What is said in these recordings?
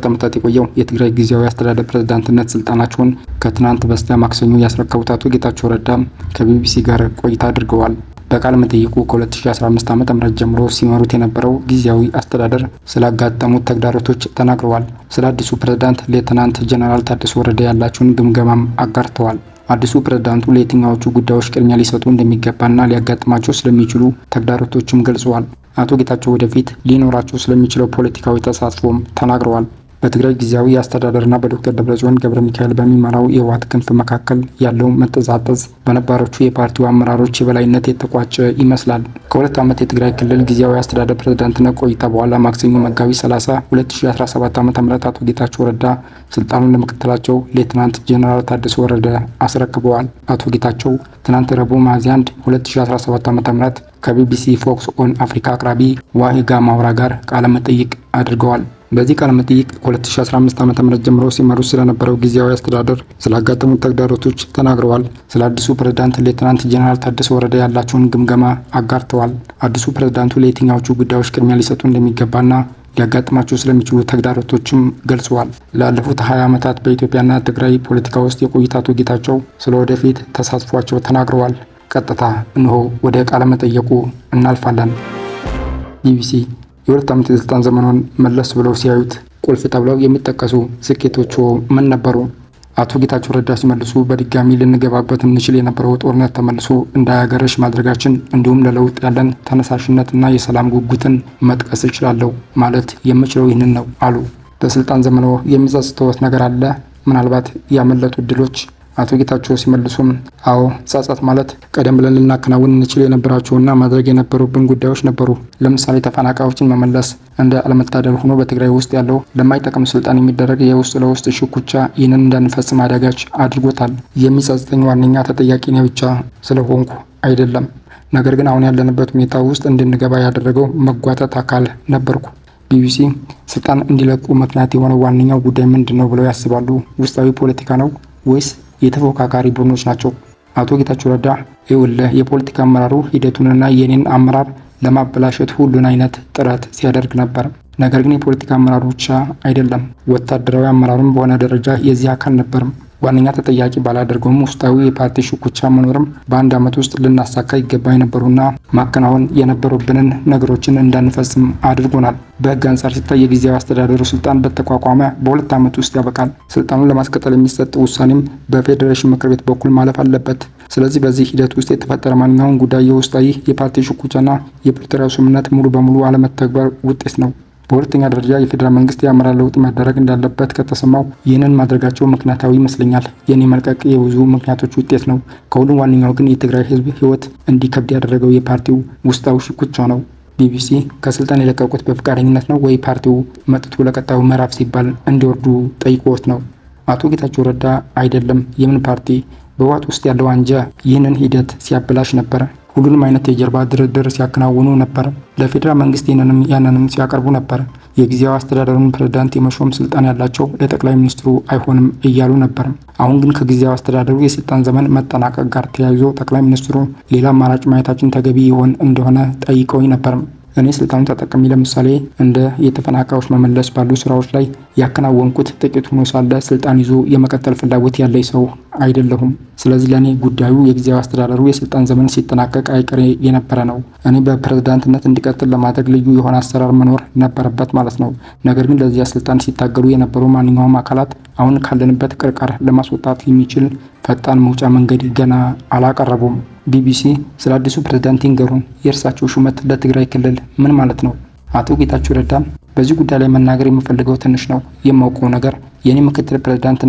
ሲጠቀምበት የቆየው የትግራይ ጊዜያዊ አስተዳደር ፕሬዝዳንትነት ስልጣናቸውን ከትናንት በስቲያ ማክሰኞ ያስረከቡት አቶ ጌታቸው ረዳ ከቢቢሲ ጋር ቆይታ አድርገዋል። በቃለ መጠይቁ ከ2015 ዓ ም ጀምሮ ሲመሩት የነበረው ጊዜያዊ አስተዳደር ስላጋጠሙት ተግዳሮቶች ተናግረዋል። ስለ አዲሱ ፕሬዝዳንት ሌተናንት ጀነራል ታደሰ ወረደ ያላቸውን ግምገማም አጋርተዋል። አዲሱ ፕሬዝዳንቱ ለየትኛዎቹ ጉዳዮች ቅድሚያ ሊሰጡ እንደሚገባና ሊያጋጥማቸው ስለሚችሉ ተግዳሮቶችም ገልጸዋል። አቶ ጌታቸው ወደፊት ሊኖራቸው ስለሚችለው ፖለቲካዊ ተሳትፎም ተናግረዋል። በትግራይ ጊዜያዊ አስተዳደርና በዶክተር ደብረጽዮን ገብረ ሚካኤል በሚመራው የህወሓት ክንፍ መካከል ያለው መጠዛጠዝ በነባሮቹ የፓርቲው አመራሮች የበላይነት የተቋጨ ይመስላል። ከሁለት ዓመት የትግራይ ክልል ጊዜያዊ አስተዳደር ፕሬዝዳንትነት ቆይታ በኋላ ማክሰኞ መጋቢት 30 2017 ዓ ም አቶ ጌታቸው ረዳ ስልጣኑን ለምክትላቸው ሌትናንት ጄኔራል ታደሰ ወረደ አስረክበዋል። አቶ ጌታቸው ትናንት ረቡዕ ሚያዝያ 1 2017 ዓ ም ከቢቢሲ ፎክስ ኦን አፍሪካ አቅራቢ ዋሂጋ ማውራ ጋር ቃለ መጠይቅ አድርገዋል። በዚህ ቃለ መጠይቅ ከ2015 ዓ ም ጀምሮ ሲመሩ ስለነበረው ጊዜያዊ አስተዳደር ስላጋጠሙት ተግዳሮቶች ተናግረዋል። ስለ አዲሱ ፕሬዝዳንት ሌትናንት ጄኔራል ታደሰ ወረደ ያላቸውን ግምገማ አጋርተዋል። አዲሱ ፕሬዝዳንቱ ለየትኛዎቹ ጉዳዮች ቅድሚያ ሊሰጡ እንደሚገባና ሊያጋጥማቸው ስለሚችሉ ተግዳሮቶችም ገልጸዋል። ላለፉት ሀያ ዓመታት በኢትዮጵያና ትግራይ ፖለቲካ ውስጥ የቆዩት አቶ ጌታቸው ስለ ወደፊት ተሳትፏቸው ተናግረዋል። ቀጥታ እንሆ ወደ ቃለ መጠየቁ እናልፋለን። ቢቢሲ የሁለት ዓመት የስልጣን ዘመኗን መለስ ብለው ሲያዩት ቁልፍ ተብለው የሚጠቀሱ ስኬቶቹ ምን ነበሩ? አቶ ጌታቸው ረዳ ሲመልሱ በድጋሚ ልንገባበት እንችል የነበረው ጦርነት ተመልሶ እንዳያገረሽ ማድረጋችን እንዲሁም ለለውጥ ያለን ተነሳሽነትና የሰላም ጉጉትን መጥቀስ እችላለሁ። ማለት የምችለው ይህንን ነው አሉ። በስልጣን ዘመኖ የሚጸጽተወት ነገር አለ? ምናልባት ያመለጡ እድሎች አቶ ጌታቸው ሲመልሱም አዎ ጸጸት ማለት ቀደም ብለን ልናከናውን እንችል የነበራቸውና ማድረግ የነበሩብን ጉዳዮች ነበሩ። ለምሳሌ ተፈናቃዮችን መመለስ። እንደ አለመታደል ሆኖ በትግራይ ውስጥ ያለው ለማይጠቅም ስልጣን የሚደረግ የውስጥ ለውስጥ ሽኩቻ ይህንን እንዳንፈጽም አዳጋች አድርጎታል። የሚጸጽተኝ ዋነኛ ተጠያቂ እኔ ብቻ ስለሆንኩ አይደለም። ነገር ግን አሁን ያለንበት ሁኔታ ውስጥ እንድንገባ ያደረገው መጓተት አካል ነበርኩ። ቢቢሲ ስልጣን እንዲለቁ ምክንያት የሆነው ዋነኛው ጉዳይ ምንድን ነው ብለው ያስባሉ? ውስጣዊ ፖለቲካ ነው ወይስ የተፎካካሪ ቡድኖች ናቸው። አቶ ጌታቸው ረዳ ይኸውልህ የፖለቲካ አመራሩ ሂደቱንና የኔን አመራር ለማበላሸት ሁሉን አይነት ጥረት ሲያደርግ ነበር። ነገር ግን የፖለቲካ አመራሩ ብቻ አይደለም፣ ወታደራዊ አመራሩም በሆነ ደረጃ የዚህ አካል ነበርም። ዋነኛ ተጠያቂ ባላደርገውም ውስጣዊ የፓርቲ ሽኩቻ መኖርም በአንድ ዓመት ውስጥ ልናሳካ ይገባ የነበሩና ማከናወን የነበሩብንን ነገሮችን እንዳንፈጽም አድርጎናል። በህግ አንጻር ሲታይ የጊዜያዊ አስተዳደሩ ስልጣን በተቋቋመ በሁለት ዓመት ውስጥ ያበቃል። ስልጣኑን ለማስቀጠል የሚሰጥ ውሳኔም በፌዴሬሽን ምክር ቤት በኩል ማለፍ አለበት። ስለዚህ በዚህ ሂደት ውስጥ የተፈጠረ ማንኛውም ጉዳይ የውስጣዊ የፓርቲ ሽኩቻና የፕሪቶሪያው ስምምነት ሙሉ በሙሉ አለመተግበር ውጤት ነው። በሁለተኛ ደረጃ የፌዴራል መንግስት የአመራር ለውጥ መደረግ እንዳለበት ከተሰማው ይህንን ማድረጋቸው ምክንያታዊ ይመስለኛል። የኔ መልቀቅ የብዙ ምክንያቶች ውጤት ነው። ከሁሉም ዋነኛው ግን የትግራይ ህዝብ ህይወት እንዲከብድ ያደረገው የፓርቲው ውስጣዊ ሽኩቻ ነው። ቢቢሲ ከስልጣን የለቀቁት በፈቃደኝነት ነው ወይ ፓርቲው መጥቶ ለቀጣዩ ምዕራፍ ሲባል እንዲወርዱ ጠይቆት ነው? አቶ ጌታቸው ረዳ አይደለም የምን ፓርቲ በህወሓት ውስጥ ያለው አንጃ ይህንን ሂደት ሲያበላሽ ነበር። ሁሉንም አይነት የጀርባ ድርድር ሲያከናውኑ ነበር። ለፌዴራል መንግስት ያንንም ሲያቀርቡ ነበር። የጊዜያዊ አስተዳደሩን ፕሬዝዳንት የመሾም ስልጣን ያላቸው ለጠቅላይ ሚኒስትሩ አይሆንም እያሉ ነበር። አሁን ግን ከጊዜያዊ አስተዳደሩ የስልጣን ዘመን መጠናቀቅ ጋር ተያይዞ ጠቅላይ ሚኒስትሩ ሌላ አማራጭ ማየታችን ተገቢ ይሆን እንደሆነ ጠይቀውኝ ነበር። እኔ ስልጣኑ ተጠቅሚ ለምሳሌ እንደ የተፈናቃዮች መመለስ ባሉ ስራዎች ላይ ያከናወንኩት ጥቂት ሆኖ ሳለ ስልጣን ይዞ የመቀጠል ፍላጎት ያለኝ ሰው አይደለሁም። ስለዚህ ለእኔ ጉዳዩ የጊዜያዊ አስተዳደሩ የስልጣን ዘመን ሲጠናቀቅ አይቀሬ የነበረ ነው። እኔ በፕሬዝዳንትነት እንዲቀጥል ለማድረግ ልዩ የሆነ አሰራር መኖር ነበረበት ማለት ነው። ነገር ግን ለዚያ ስልጣን ሲታገሉ የነበሩ ማንኛውም አካላት አሁን ካለንበት ቅርቃር ለማስወጣት የሚችል ፈጣን መውጫ መንገድ ገና አላቀረቡም። ቢቢሲ ስለ አዲሱ ፕሬዝዳንት ይንገሩን፣ የእርሳቸው ሹመት ለትግራይ ክልል ምን ማለት ነው? አቶ ጌታቸው ረዳ በዚህ ጉዳይ ላይ መናገር የምፈልገው ትንሽ ነው። የማውቀው ነገር የኔ ምክትል ፕሬዝዳንት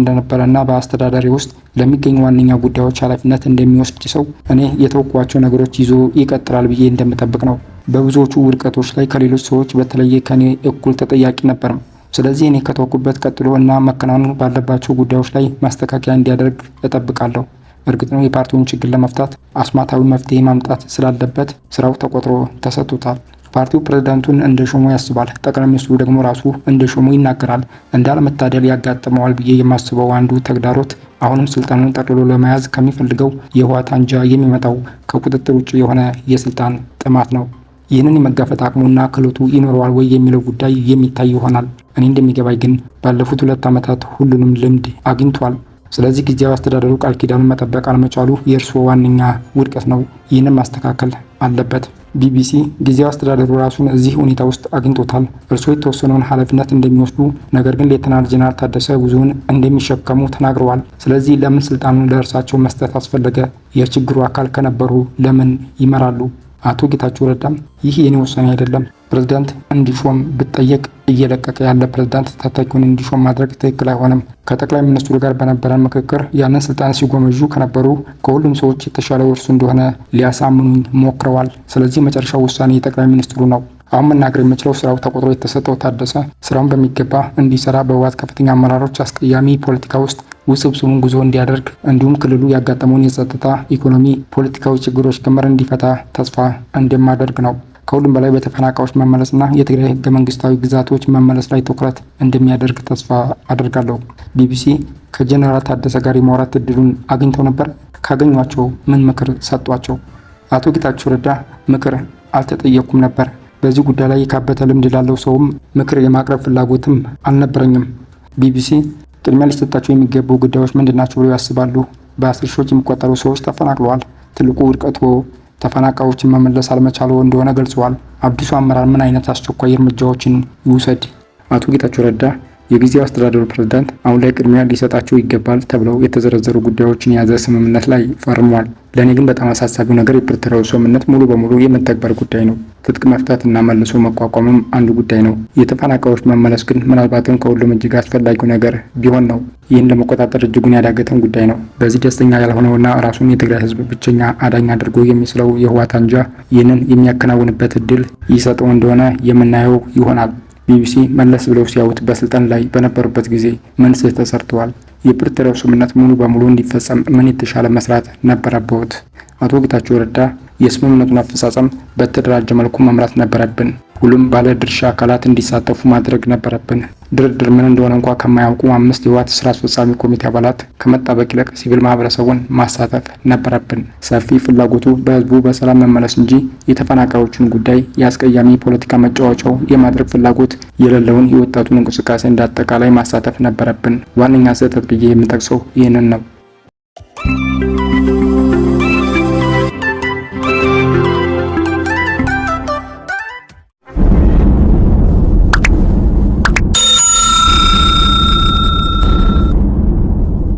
እና በአስተዳዳሪ ውስጥ ለሚገኙ ዋነኛ ጉዳዮች ኃላፊነት እንደሚወስድ ሰው እኔ የተወኳቸው ነገሮች ይዞ ይቀጥላል ብዬ እንደምጠብቅ ነው። በብዙዎቹ ውድቀቶች ላይ ከሌሎች ሰዎች በተለየ ከኔ እኩል ተጠያቂ ነበርም። ስለዚህ እኔ ከተወኩበት ቀጥሎ እና መከናወን ባለባቸው ጉዳዮች ላይ ማስተካከያ እንዲያደርግ እጠብቃለሁ። እርግጥ ነው የፓርቲውን ችግር ለመፍታት አስማታዊ መፍትሄ ማምጣት ስላለበት ስራው ተቆጥሮ ተሰጥቶታል። ፓርቲው ፕሬዝዳንቱን እንደ ሾሞ ያስባል። ጠቅላይ ሚኒስትሩ ደግሞ ራሱ እንደ ሾሞ ይናገራል። እንዳለመታደል ያጋጥመዋል ብዬ የማስበው አንዱ ተግዳሮት አሁንም ስልጣኑን ጠቅልሎ ለመያዝ ከሚፈልገው የህወሓት አንጃ የሚመጣው ከቁጥጥር ውጭ የሆነ የስልጣን ጥማት ነው። ይህንን የመጋፈጥ አቅሙና ክህሎቱ ይኖረዋል ወይ የሚለው ጉዳይ የሚታይ ይሆናል። እኔ እንደሚገባኝ ግን ባለፉት ሁለት ዓመታት ሁሉንም ልምድ አግኝቷል። ስለዚህ ጊዜያዊ አስተዳደሩ ቃል ኪዳኑን መጠበቅ አለመቻሉ የእርስዎ ዋነኛ ውድቀት ነው። ይህንን ማስተካከል አለበት። ቢቢሲ ጊዜያዊ አስተዳደሩ ራሱን እዚህ ሁኔታ ውስጥ አግኝቶታል። እርስዎ የተወሰነውን ኃላፊነት እንደሚወስዱ፣ ነገር ግን ሌተናል ጄኔራል ታደሰ ብዙውን እንደሚሸከሙ ተናግረዋል። ስለዚህ ለምን ስልጣኑን ለእርሳቸው መስጠት አስፈለገ? የችግሩ አካል ከነበሩ ለምን ይመራሉ? አቶ ጌታቸው ረዳም ይህ የኔ ውሳኔ አይደለም፣ ፕሬዝዳንት እንዲሾም ብጠየቅ እየለቀቀ ያለ ፕሬዝዳንት ተተኪውን እንዲሾም ማድረግ ትክክል አይሆንም። ከጠቅላይ ሚኒስትሩ ጋር በነበረን ምክክር ያንን ስልጣን ሲጎመዡ ከነበሩ ከሁሉም ሰዎች የተሻለው እርሱ እንደሆነ ሊያሳምኑኝ ሞክረዋል። ስለዚህ መጨረሻው ውሳኔ የጠቅላይ ሚኒስትሩ ነው። አሁን መናገር የምችለው ስራው ተቆጥሮ የተሰጠው ታደሰ ስራውን በሚገባ እንዲሰራ በህወሓት ከፍተኛ አመራሮች አስቀያሚ ፖለቲካ ውስጥ ውስብስቡን ጉዞ እንዲያደርግ እንዲሁም ክልሉ ያጋጠመውን የጸጥታ፣ ኢኮኖሚ፣ ፖለቲካዊ ችግሮች ክምር እንዲፈታ ተስፋ እንደማደርግ ነው። ከሁሉም በላይ በተፈናቃዮች መመለስና የትግራይ ህገ መንግስታዊ ግዛቶች መመለስ ላይ ትኩረት እንደሚያደርግ ተስፋ አደርጋለሁ። ቢቢሲ ከጀኔራል ታደሰ ጋር የማውራት እድሉን አግኝተው ነበር። ካገኟቸው ምን ምክር ሰጧቸው? አቶ ጌታቸው ረዳ ምክር አልተጠየኩም ነበር በዚህ ጉዳይ ላይ የካበተ ልምድ ላለው ሰውም ምክር የማቅረብ ፍላጎትም አልነበረኝም። ቢቢሲ ቅድሚያ ሊሰጣቸው የሚገቡ ጉዳዮች ምንድን ናቸው ብለው ያስባሉ? በአስር ሺዎች የሚቆጠሩ ሰዎች ተፈናቅለዋል። ትልቁ ውድቀቶ ተፈናቃዮችን መመለስ አለመቻሉ እንደሆነ ገልጸዋል። አዲሱ አመራር ምን አይነት አስቸኳይ እርምጃዎችን ይውሰድ? አቶ ጌታቸው ረዳ የጊዜው አስተዳደሩ ፕሬዝዳንት አሁን ላይ ቅድሚያ ሊሰጣቸው ይገባል ተብለው የተዘረዘሩ ጉዳዮችን የያዘ ስምምነት ላይ ፈርሟል። ለእኔ ግን በጣም አሳሳቢው ነገር የፕሪቶሪያው ስምምነት ሙሉ በሙሉ የመተግበር ጉዳይ ነው። ትጥቅ እና መልሶ መቋቋምም አንዱ ጉዳይ ነው። የተፈናቃዮች መመለስ ግን ምናልባትም ከሁሉም እጅግ አስፈላጊው ነገር ቢሆን ነው። ይህን ለመቆጣጠር እጅጉን ያዳገተን ጉዳይ ነው። በዚህ ደስተኛ ያልሆነውና ራሱን የትግራይ ሕዝብ ብቸኛ አዳኝ አድርጎ የሚስለው የህወሓት አንጃ ይህንን የሚያከናውንበት እድል ይሰጠው እንደሆነ የምናየው ይሆናል። ቢቢሲ መለስ ብለው ሲያዩት በስልጣን ላይ በነበሩበት ጊዜ ምን ስህተት ተሰርተዋል። የፕሪቶሪያው ስምምነት ሙሉ በሙሉ እንዲፈጸም ምን የተሻለ መስራት ነበረበት? አቶ ጌታቸው ረዳ የስምምነቱን አፈጻጸም በተደራጀ መልኩ መምራት ነበረብን። ሁሉም ባለድርሻ አካላት እንዲሳተፉ ማድረግ ነበረብን። ድርድር ምን እንደሆነ እንኳ ከማያውቁ አምስት የህወሓት ስራ አስፈጻሚ ኮሚቴ አባላት ከመጣበቅ ይልቅ ሲቪል ማህበረሰቡን ማሳተፍ ነበረብን። ሰፊ ፍላጎቱ በህዝቡ በሰላም መመለስ እንጂ የተፈናቃዮችን ጉዳይ የአስቀያሚ ፖለቲካ መጫወቻው የማድረግ ፍላጎት የሌለውን የወጣቱን እንቅስቃሴ እንዳጠቃላይ ማሳተፍ ነበረብን። ዋነኛ ስህተት ብዬ የምጠቅሰው ይህንን ነው።